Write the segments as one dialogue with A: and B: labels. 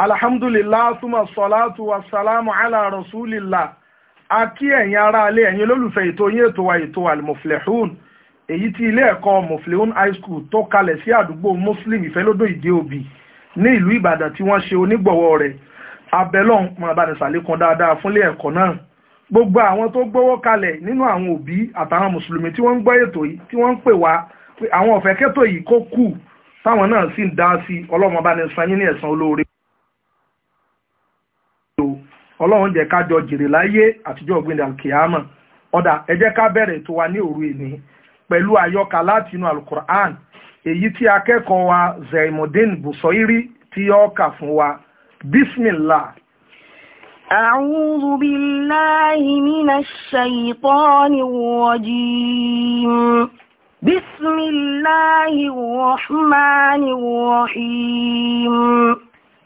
A: alhamdulillah suma salatu wa salamu ala rasulillah a kí ẹ̀yin ará alẹ́ ẹ̀yin olólùfẹ́ ètò yín ètò wa ètò almuflehun èyí tí ilé ẹ̀kọ́ muflehun high school tó kalẹ̀ sí àdúgbò muslim ìfẹ́lódò ìdí òbí ní ìlú ìbàdàn tí wọ́n ṣe onígbọ̀wọ́ rẹ̀ abẹ́lọ́n mọ̀nàbánisàlékún dáadáa fúnlé ẹ̀kọ́ náà gbogbo àwọn tó gbówó kalẹ̀ nínú àwọn òbí àtàwọn mùsùlùmí tí wọ́n ń gbọ́ ètò yìí tí wọ́n ń pè wá pé àwọn ọ̀fẹ́ yìí kó kù táwọn náà sì ń dá sí ọlọ́mọbánisàn yín ní ẹ̀san olóore ọlọ́run jẹ́ kájọ jèrè láyé àtijọ́ ọ̀gbìn alkiyama ọ̀dà ẹ jẹ́ ká bẹ̀rẹ̀ ètò wa ní òru èní pẹ̀lú àyọkà láti inú alukur'an èyí tí akẹ́kọ̀ọ́ wa zaimudin busoiri tí yọ ọ́ kà fún wa bismillah. أعوذ بالله من الشيطان الرجيم بسم الله الرحمن الرحيم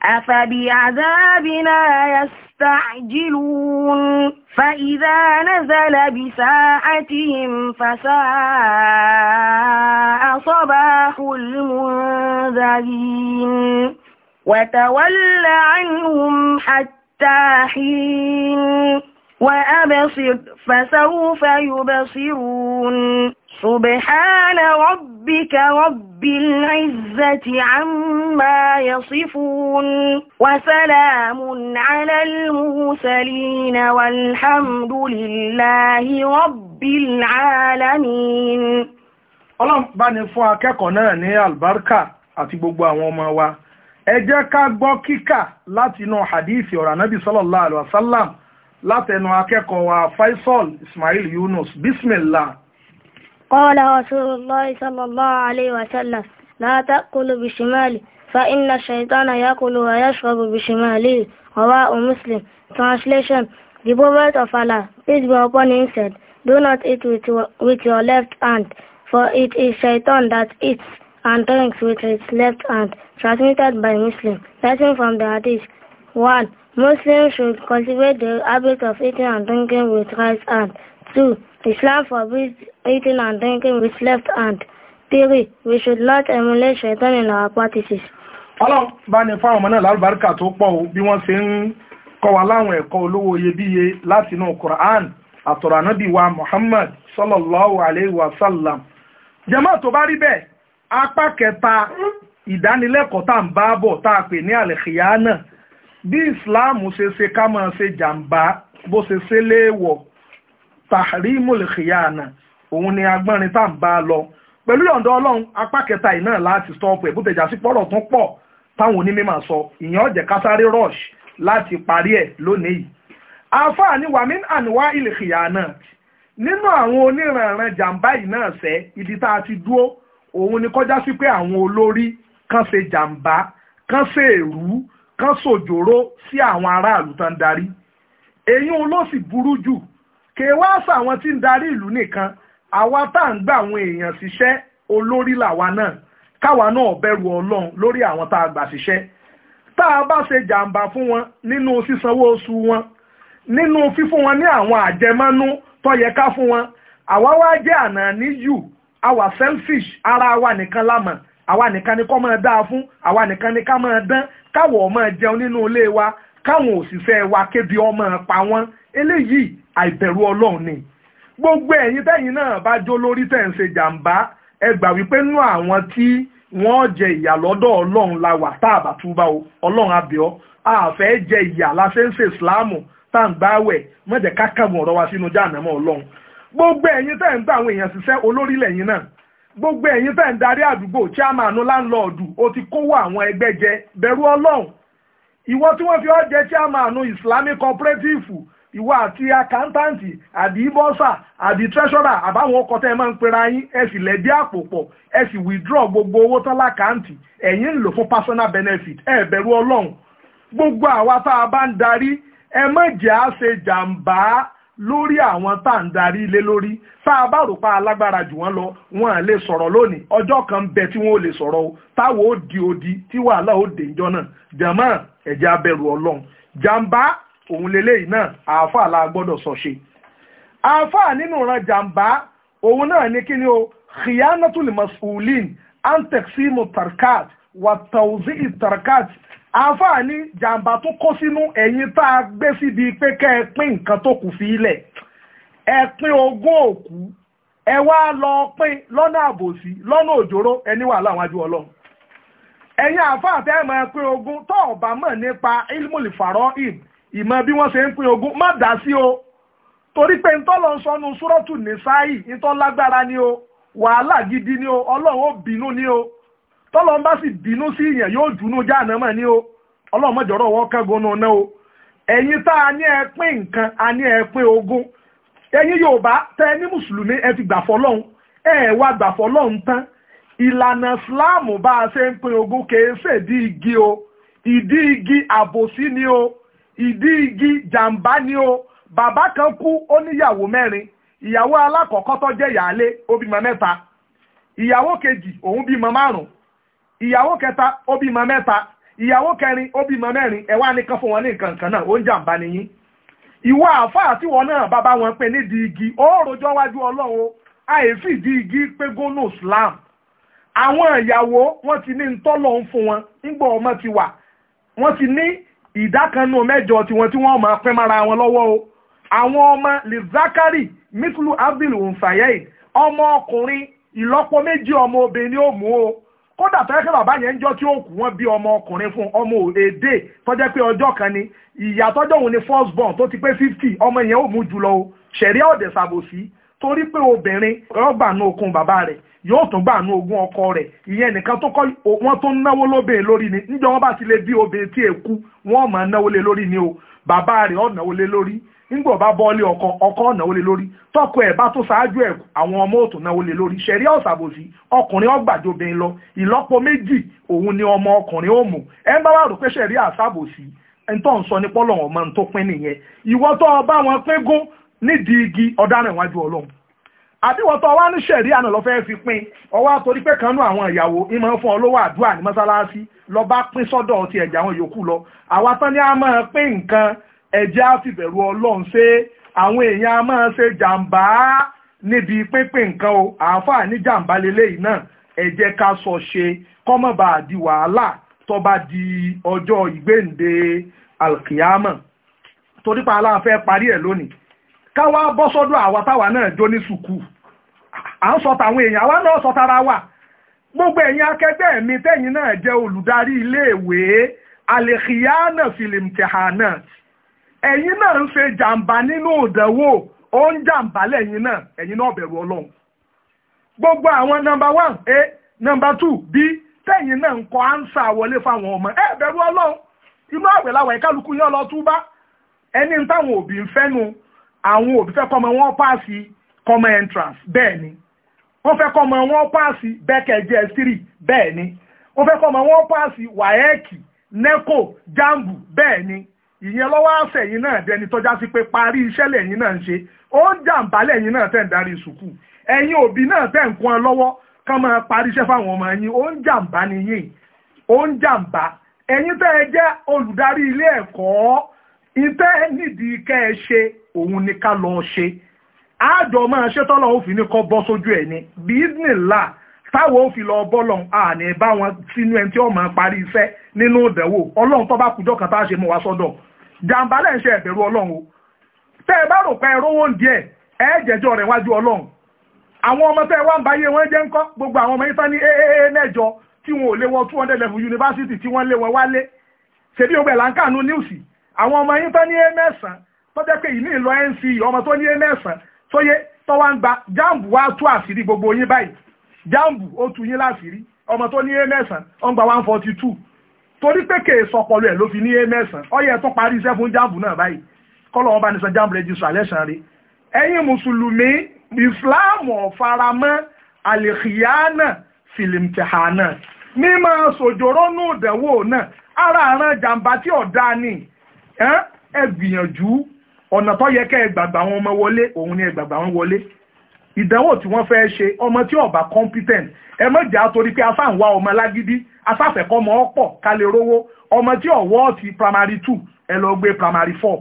A: أفبعذابنا يستعجلون فإذا نزل بساحتهم فساء صباح المنذرين وتول عنهم حتى حين وأبصر فسوف يبصرون سبحان ربك رب العزة عما يصفون وسلام على المرسلين والحمد لله رب العالمين ọlọ́run bá ní fún akẹ́kọ̀ọ́ náà ní albarka àti gbogbo àwọn ọmọ wa ẹ jẹ́ ká gbọ́ kíkà láti inú hadithi ọ̀rọ̀ anábì sallallahu alaihi látẹnu akẹ́kọ̀ọ́ wa faisal ismail yunus bismillah قال رسول الله صلى الله عليه وسلم لا تأكل بشمالي فإن الشيطان يأكل ويشرب بشماله رواه مسلم. Translation The Prophet of Allah, peace be upon him, said, Do not eat with, with your left hand, for it is Shaitan that eats and drinks with its left hand. Transmitted by Muslim. Lesson from the Hadith. 1. Muslims should cultivate the habit of eating and drinking with right hand. 2. The slap forbids eating and drinking with left hand. theory we should not emulate Shaitan in our practices. Ọlọ́run bá ní fáwọn ọmọ náà lálùbáríkà tó pọ̀ o bí wọ́n ṣe ń kọ́ wa láwọn ẹ̀kọ́ olówó iyebíye láti inú Quran àtọ̀rọ̀ ànábì wa Muhammad sallallahu alayhi wa sallam. Jàmáà tó bá rí bẹ́ẹ̀, apá kẹta ìdánilẹ́kọ̀ọ́ tá à ń bá bọ̀ tá a pè ní àlẹ́kìyá náà bí Islam ṣe ṣe ká máa ṣe jàǹbá bó ṣe ṣe léèwọ̀ tahrimul khiyana òun ni agbọ́nrin tá à ń bá a lọ pẹ̀lú yọ̀ǹda ọlọ́run apá kẹta yìí náà láti stọ́ọ̀pù ẹ̀ bó tẹ̀jà sí pọ́rọ̀ tún pọ̀ táwọn onímọ̀ sọ ìyẹn ọ̀jẹ̀ kásáré rush láti parí ẹ̀ lónìí yìí. àáfàá ni wàmí àníwá ìlìkìyà náà nínú àwọn oníranran jàǹbá yìí náà sẹ́ ibi tá a ti dúró òun ni kọjá sí pé àwọn olórí kan ṣe jàǹbá kan ṣe èrú kan ṣòjòrò sí àwọn aráàlú tán darí èyí ló sì burú jù kè wá sàwọn tí ń darí ìlú nìkan àwa tá à ń gbà àwọn èèyàn ṣiṣẹ́ olórí làwa náà káwa náà bẹ̀rù ọlọ́run lórí àwọn tá a gbà ṣiṣẹ́ tá a bá ṣe jàǹbá fún wọn nínú sísanwó oṣù wọn nínú fífún wọn ní àwọn àjẹmọ́nú tó yẹ ká fún wọn àwa wá jẹ́ àná níyù àwa selfish ara wa nìkan la mọ̀ àwa nìkan ni kọ́ máa dáa fún àwa nìkan ni ká máa dán káwọ̀ máa jẹun nínú ilé wa káwọn òṣìṣẹ́ wa kébi ọmọ pa wọ́n eléyìí àìbẹ̀rù ọlọ́run ni gbogbo ẹ̀yin tẹ́yin náà bá jó lórí tẹ̀ ń ṣe jàǹbá ẹ gbà wípé nú àwọn tí wọ́n jẹ ìyà lọ́dọ̀ ọlọ́run la wà tá àbàtúbà o ọlọ́run abíọ́ àfẹ́ jẹ ìyà láṣẹ ń ṣe ìsìláàmù tá à ń gbá wẹ̀ mọ̀jẹ̀ kákàbọ̀ ọ̀rọ̀ wa sínú jáànámọ̀ ọlọ́run gbogbo ẹ̀yin tẹ́ ń bá àwọn èèyàn ṣiṣẹ́ olórí lẹ́yìn náà gbogbo ẹ̀yin tẹ́ ń darí àdúgbò chairman láńlọ́ọ̀dù ó ti kówó àwọn ẹgbẹ́ jẹ bẹ̀rù ọlọ́run ìwọ tí wọ́n fi ọ́ jẹ́ chairman islamic cooperative ìwọ àti àkántàǹtì àbí bọ́sà àbí tẹ́sọ́rà àbáwọn ọkọ̀ tẹ́ ẹ máa ń pera yín ẹ sì lẹ́dí àpò pọ̀ ẹ sì withdraw gbogbo owó tán lákàǹtì ẹ̀yin ń lò fún personal benefit ẹ bẹ̀rù ọlọ́run gbogbo àwa tá a bá ń darí ẹ má jẹ́ àṣejàǹbá lórí àwọn tá à ń darí ilé lórí tá a bá rò pa alágbára jù wọ́n lọ wọn à lè sọ̀rọ̀ lónìí ọjọ́ kan ń bẹ tí wọn ò lè sọ̀rọ̀ o táwọn ó di odi tí wàhálà ó dé ìjọ náà jàmọ́ ẹ̀jẹ̀ abẹ̀rù ọlọ́run jàǹbá òun lélẹ́yìí náà àáfàá la gbọ́dọ̀ sọ ṣe. àáfàá nínú ìran jàǹbá òun náà ní kí ni o khiyanatul masulin anteximu tarkat wa tawzi tarkat àǹfààní ní jàǹbá tó kó sínú ẹ̀yìn tá a gbé síbi pé kẹ́ ẹ pín nǹkan tó kù fi ilẹ̀ ẹ pín ogún òkú ẹ wá lọ pín lọ́nà àbòsí lọ́nà òjòrò ẹni wà láwọn ajú ọlọ́run ẹ̀yin àǹfààní tẹ́ ẹ mọ̀ ẹ pín ogún tó o mọ̀ nípa ilmul faraid ìmọ̀ bí wọ́n ṣe ń pín ogún má dá sí o torí pé ntọ́lọ ń sọnu súrọ́tù nìsáyì ntọ́ lágbára ni o wàhálà gidi ni o ọlọ́run ó bínú ni o tọ́lọ́ bá sì bínú sí ìyẹn yóò dùnú jáànámà ní o ọlọ́run mọ̀jọ̀rọ̀ wọ́n kẹ́gun náà o ẹ̀yin tá a ní ẹ pín nǹkan a ní ẹ pín ogún ẹ̀yin Yorùbá tẹ ní mùsùlùmí ẹ ti gbà fọlọ́run ẹ wá gbà fọlọ́run tán ìlànà Islam bá a ṣe ń pín ogún kèé ṣèdí igi o ìdí igi àbòsí ni o ìdí igi jàǹbá ni o bàbá kan kú ó níyàwó mẹ́rin ìyàwó alákọ̀ọ́kọ́ tó jẹ́ ìyáálé ó bímọ mẹ́ta ìyàwó kejì òun bímọ márùn-ún ìyàwó kẹta ó bímọ mẹ́ta ìyàwó kẹrin ó mẹ́rin Ẹ̀wá nìkan fún wọn ní nǹkan náà ó ń nìyí ìwọ àáfàá tí wọn náà bàbá wọn pè nídìí igi ó rojọ́ wájú ọlọ́run igi pé gónú àwọn ìyàwó wọn ti ní ntọ́lọ̀ ń fún wọn nígbà ọmọ ti wà wọn ti ní ìdá kan mẹ́jọ tiwọn kódà tẹ́lẹ̀ pé bàbá yẹn ń jọ́ tí ó kù wọ́n bí ọmọ ọkùnrin fún ọmọ èdè tọ́jẹ́ pé ọjọ́ kan ni ìyá tọ́jọ́ òun ni first born tó ti pé fifty ọmọ yẹn ò mú jùlọ o ṣẹ̀rí ọ̀dẹ̀ ṣàbòsí torí pé obìnrin rọ́gbà nú okun bàbá rẹ̀ yóò tún gbà nú ogún ọkọ rẹ̀ ìyẹn nìkan tó kọ́ wọ́n tó ń náwó lóbìnrin lórí ni níjọ́ wọ́n bá ti lè bí obìnrin tí èkú wọ́n máa náwó lé lórí ni o bàbá rẹ̀ ọ̀ náwó lé lórí nígbà ọba bọ́ọ̀lì ọkọ ọkọ náwó lé lórí tọkọ ẹ̀ bá tó ṣáájú ẹ̀ àwọn ọmọ òtún náwó lé lórí ṣẹ̀rí ọ̀sàbòsí ọkùnrin ọgbàjọbìnrin lọ ìlọ́po méjì òun ni ọmọ ọkùnrin ó mú ẹ ń bá wà rò pé ṣẹ̀rí àṣàbòsí ń tọ́ ń sọ ní pọ́lọ̀ wọn máa ń tó pín nìyẹn ìwọ tó ọba wọn pín gún nídìí igi ọ̀daràn iwájú ọlọ́run àbíwọ̀ tó wá ní ṣẹ̀rí àná lọ fi pín ọwọ́ àtòrí pé kanú àwọn ìyàwó ìmọ̀ fún ọlọ́wọ́ àdúrà ní mọ́sálásí lọ bá pín sọ́dọ̀ ti ẹ̀jẹ̀ àwọn yòókù lọ àwa tán ni a máa pín nǹkan ẹjẹ́ á fìbẹ̀rù ọlọ́run ṣe àwọn èèyàn a máa ṣe jàǹbá níbi pínpín nǹkan o àáfàá ní jàǹbá lélẹ́yìí náà ẹjẹ́ ká sọ ṣe kọ́mọ̀bà di wàhálà tó di ọjọ́ ìgbéǹde alkiyama torí pa aláàfẹ́ parí ẹ̀ lónìí káwá bọ́ sọ́dọ̀ àwa táwa náà jó ní sùkúù à ń sọ tàwọn èèyàn àwa náà sọ tara wa gbogbo ẹ̀yin akẹgbẹ́ mi tẹ́yìn náà jẹ́ olùdarí iléèwé alẹ́kìyá náà ẹ̀yin náà ń ṣe jàǹbá nínú ìdánwò ó ń jàǹbá lẹ́yìn náà ẹ̀yin náà bẹ̀rù ọlọ́run gbogbo àwọn nọmba one a nọmba two b tẹ̀yin náà ń kọ ánsà wọlé fáwọn ọmọ ẹ bẹ̀rù ọlọ́run inú àwẹ̀ làwọn ìkálukú yẹn lọ túbá ẹni táwọn òbí ń fẹ́nu àwọn òbí fẹ́ kọ́mọ wọn páàsì kọ́mọ entrance bẹ́ẹ̀ ni wọ́n fẹ́ kọ́mọ wọn páàsì bẹ́ẹ̀kẹ́jẹ́ three bẹ́ẹ̀ ni wọ́n fẹ́ kọ́mọ wọn páàsì wáyẹ́ẹ̀kì nẹ́kò jambu bẹ́ẹ̀ ni ìyẹn lọ́wọ́ àṣẹ̀yìn náà dẹni tọ́já sí pé parí iṣẹ́ lẹ́yìn náà ń ṣe ó ń jàǹbá lẹ́yìn náà tẹ̀ ń darí sùkúù ẹ̀yin òbí náà tẹ̀ ń kún ọ lọ́wọ́ kán máa parí iṣẹ́ fáwọn ọmọ yín ó ń jàǹbá nìyí ó ń jàǹbá ẹ̀yin tẹ́ ẹ jẹ́ olùdarí ilé ẹ̀kọ́ ìtẹ́ nídìí kẹ́ ẹ ṣe òun ni ká lọ ṣe àjọ máa ṣe tọ́lọ̀ ó ní kọ́ bọ́ sójú ẹ̀ ni bíínìlà táwọn ó fi lọ bọ́lọ̀ àní bá wọn sínú ẹni tí ó máa parí iṣẹ́ nínú ìdánwò ọlọ́run tó bá kùjọ́ kan tá a ṣe mọ́ wa sọ́dọ̀ jàǹbá lẹ́ ń ṣe ẹ̀bẹ̀rù ọlọ́run o tẹ́ ẹ bá rò pé ẹrú wọn díẹ̀ ẹ jẹ́jọ́ rẹ̀ wájú ọlọ́run àwọn ọmọ tẹ́ ẹ wá ń báyé wọn jẹ́ ń kọ́ gbogbo àwọn ọmọ ifá ní aaa mẹ́jọ tí wọn ò lé wọ two hundred level university tí wọ́n lé wọn wálé ṣèbí ògbẹ̀ là ń kànú níwùsì àwọn ọmọ ifá ní aa mẹ́sàn-án tó jẹ́ pé ìní ìlọ nc ọmọ tó ní aa mẹ́sàn-án tó yẹ tó wá ń gba jambu wá tú àṣírí gbogbo yín báyìí jambu ó tú yín láṣírí ọmọ tó ní aa mẹ́sàn-án ó ń gba one forty two torí pé kèé sọpọlọ ẹ̀ ló fi ní é mẹ́sàn-án ọyẹ tó parí iṣẹ́ fún jáàbù náà báyìí kọ́lọ̀ wọn bá ní sọ jáàbù rẹ́jísọ̀ àlẹ́sàn rí ẹ̀yin mùsùlùmí ìsìláàmù ọ̀faramọ́ àlèkìyáánà fìlìmtìhánà mímọ sòjòrónú ìdẹ̀wò náà ara àrùn jàǹbá tí ọ̀dá ni ẹ gbìyànjú ọ̀nà tó yẹ kẹ́ ẹ gbàgbà wọn wọlé òun ni ẹ gbàgbà wọn wọlé ìdánwò tí wọ́n fẹ́ ṣe ọmọ tí ó bá competent ẹ má jà torí pé afáǹwá ọmọ lágídí afáfẹ́kọ́ ọmọ ọ̀pọ̀ kálẹ̀ rówó ọmọ tí ọ̀wọ́ ti primary two ẹ lọ gbé primary four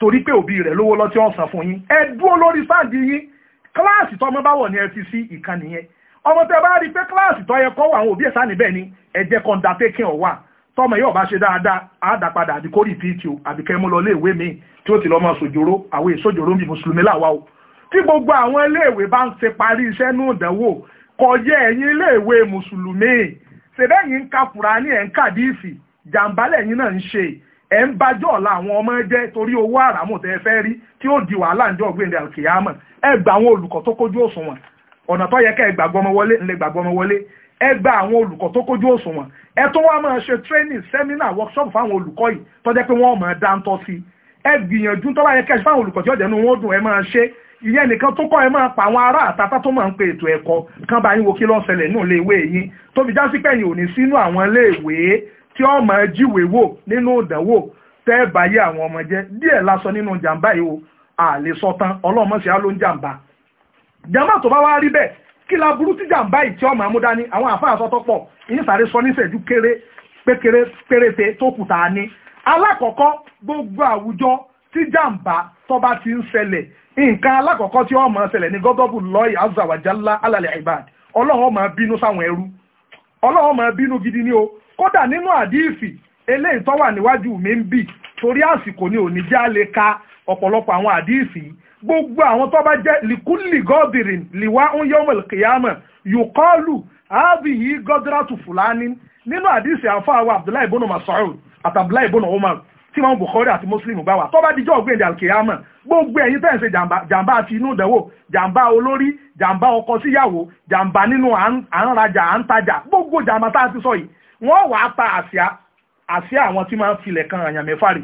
A: torí pé òbí rẹ̀ lówó lọ́tí ọ̀sán fún yín ẹ dúró lórí sáàdì yín kíláàsì tọ́mọ bá wọ̀ ní ẹ ti sí ìkànnì yẹn ọmọ tẹ bá rí i pé kíláàsì tó yẹ kọ́ wọ àwọn òbí ẹ̀ sáà níbẹ̀ ni ẹ jẹ́ kọ́ńdàtẹ́kìn ọ̀wà tọ́mọ yóò bá ṣe dáadáa àádápadà àbíkórì pto àbíkẹ́mú lọ léèwé mi tí ó ti lọ́ mọ sòjòrò àwọn èso jòrò ń bí mùsùlùmí làwa o kí gbogbo àwọn iléèwé bá ń se parí iṣẹ́ ní ìdánwò kò ẹ̀yìn iléèwé mùsùlùmí ṣèbẹ́yìn ń ka ní ẹ̀ ń kàdífì jàǹbá lẹ́yìn náà ń ṣe ẹ̀ ń bájọ́ ọ̀la àwọn ọmọ torí owó àràmù tẹ́ fẹ́ rí tí ó di wàhálà àkìyàmọ̀ ẹ gba àwọn olùkọ́ tó kójú òṣùwọ̀n ọ̀nà tó yẹ kẹ́ ẹ gbàgbọ́ ọmọ wọlé ẹ gba àwọn olùkọ́ tó kójú òṣùwọ̀n ẹ nu wọn dùn ẹ máa ìyẹn nìkan tó kọ́ ẹ máa pa àwọn ará àtàtà tó máa ń pe ètò ẹ̀kọ́ kan bá yín wo kí ló ń ṣẹlẹ̀ nínú ilé ìwé yín tó fi já sí pẹ̀yìn òní sínú àwọn ilé ìwé tí ọmọ jíwèé wò nínú ìdánwò tẹ́ báyé àwọn ọmọ jẹ́ díẹ̀ lásán nínú jàǹbá yìí o àlè sọtán ọlọ́mọṣẹ́ á ló ń jàǹbá jàǹbá tó bá wá rí bẹ́ẹ̀ kí la burú tí jàǹbá yìí tí ọmọ amúdání àwọn àfáà sọ níṣẹ́jú kéré nǹkan alákọ̀ọ́kọ́ tí ó máa ṣẹlẹ̀ ní gọ́dọ̀bù lọ́ọ̀yì azawajalla alàlẹ̀ ibad ọlọ́run máa bínú sáwọn ẹrú ọlọ́run máa bínú gidi ni o kódà nínú àdíìsì eléyìí tó wà níwájú mi ń bì torí àsìkò ni òní já lè ka ọ̀pọ̀lọpọ̀ àwọn àdíìsì gbogbo àwọn tó bá jẹ́ likuli gọ́dìrín liwa ń yọmọl kìyàmọ̀ yòkọ́lù ábìyí gọ́dìrátù fúlání nínú àdíìsì àfáà wa abdullahi bono masoud àtàbdullahi bono umar tí wọn Bukhari àti Muslim bá wà tó bá dijọ́ ọ̀gbìn ìdàlùkìyàmọ̀ gbogbo ẹ̀yin tẹ́ ń ṣe jàǹbá àti inú ìdánwò jàǹbá olórí jàǹbá ọkọ síyàwó jàǹbá nínú à ń rajà à ń tajà gbogbo jàǹbá tá a ti sọ yìí wọ́n wàá ta àsíá àsíá àwọn tí máa ń filẹ̀ kan àyàn mẹ́fà rè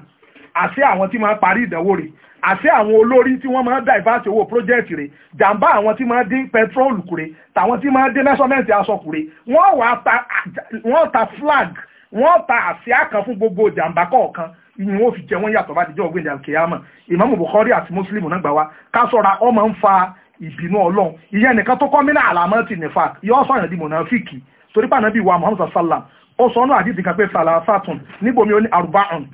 A: àsíá àwọn tí máa ń parí ìdánwò rè àti àwọn olórí tí wọ́n máa ń dàìfáàsì owó pírójẹ́ẹ̀tì rẹ̀ jàǹbá àwọn tí máa ń dín pẹtrólù kúrẹ́ tàwọn tí máa ń dín mẹ́sọ́mẹ́ǹtì aṣọ kúrẹ́ wọ́n wàá ta flag wọ́n ta àsíá kan fún gbogbo jàǹbá kọ̀ọ̀kan ìyẹn wọ́n fi jẹ wọ́n yàtọ̀ bá dijọ́ ọ̀gbìn jàǹkìyàmọ̀ ìmáàmù Bukhari àti Muslim náà gbà wá ká sọ̀ra ọmọ ń fa ìbínú ọlọ́run ìyẹn nìkan tó kọ́ mí náà àlàmọ́ ti nìfà yọ sọ̀rọ̀ di mọ̀nàfíìkì torí pé ànábì wa Muhammad sallam ó sọ ọ́nà àdìsí kan pé salasatun níbomi oní aruba'un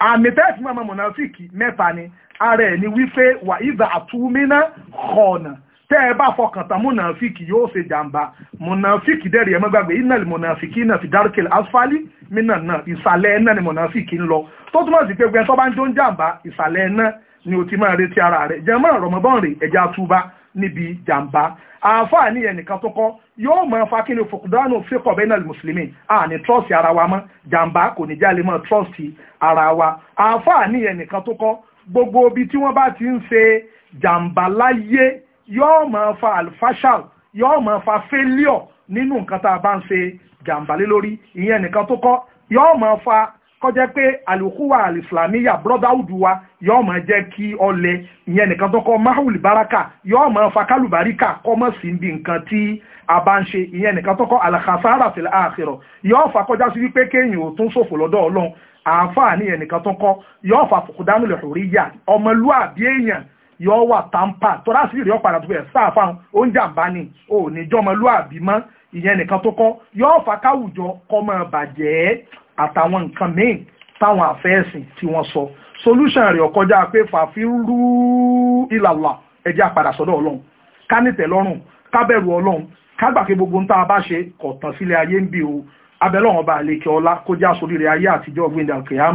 A: àmì tẹ́ẹ̀fì mọ̀nàfíìkì mẹ́ta ni ara ẹ̀ ni wípé wà ìdà àtúmínà kọ̀ọ̀nà tẹ́ ẹ bá fọkàn tán múnàfíkì yóò ṣe jàǹbá múnàfíkì dẹ́rì ẹ má gbàgbé iná ni múnàfíkì iná fi dárúkẹ́ asfali mínà náà ìsàlẹ̀ iná ni múnàfíkì ń lọ tó túmọ̀ sí pé gbẹ́ tó bá ń jó ń jàǹbá ìsàlẹ̀ iná ni o ti máa retí ara rẹ̀ jẹ́mọ́ rọ̀mọ́bọ́n rè ẹja túbá níbi jàǹbá àáfàá ní ẹnìkan tó kọ́ yóò máa fa kí ni fòkúdánù fíkọ̀ bẹ́ẹ̀ náà mùsùlùmí àní trọ́ọ̀sì ara wa mọ́ jàǹbá kò ní jálè mọ́ trọ́ọ̀sì ara wa àáfàá ní ẹnìkan tó kọ́ gbogbo ibi tí wọ́n bá ti ń ṣe jàǹbá láyé yóò máa fa alfashal yóò máa fa failure nínú nǹkan tá a bá ń ṣe jàǹbá lé lórí ìyẹn nìkan tó kọ́ yóò máa fa kọjá pé àlùkùwà alìsìlámíyà brotherhood wa yóò máa jẹ́ kí ọlẹ ìyẹn nìkan tó kọ́ mahul baraka yóò máa fa kálùbáríkà kọ́mọ̀ sí ibi nǹkan tí a bá ń ṣe ìyẹn nìkan tó kọ́ alàkàsára fìlà àkìrọ̀ yóò fa kọjá sí wípé kéèyàn ò tún ṣòfò lọ́dọ̀ ọlọ́run àǹfààní ẹnìkan tó kọ́ yóò fa fòkúdánù lè yọ wà tampa tọ́lá sí ìrẹ́ ọ̀padà tó fẹ́ sáfà oúnjẹ àbáni ò ní jọmọlúàbí mọ́ ìyẹn nìkan tó kọ́ yọ fà káwùjọ kọ́mọ bàjẹ́ àtàwọn nǹkan míì táwọn àfẹ́ẹ̀sìn tí wọ́n sọ solution rẹ̀ ọ̀kọjá pé fàfírú ìlàlà ẹ̀jẹ̀ àpadà sọ́dọ̀ ọlọ́run ká nìtẹ̀ lọ́rùn ká bẹ̀rù ọlọ́run ká gbà pé gbogbo ń tá a bá ṣe kọ̀tàn sílẹ̀ ayé ń bì o abẹ́lọ́run ọba àlekè ọlá kó já sórí rẹ̀ ayé àtijọ́ gbẹ̀ndẹ̀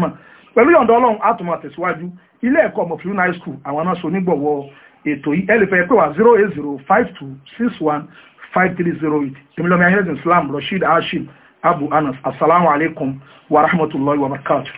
A: pẹ̀lú yọ̀ǹda ọlọ́run a tún máa tẹ̀síwájú ilé ẹ̀kọ́ mọ̀fìlú high school àwọn náà so nígbọ̀wọ́ ètò yìí ẹ lè fẹ́ pé wá zero eight zero five two six one five three zero eight tèmílọ́mí ahẹ́dùn islam rasheed hashim abu anas asalaamualeykum wa rahmatulahi wa barakatuh.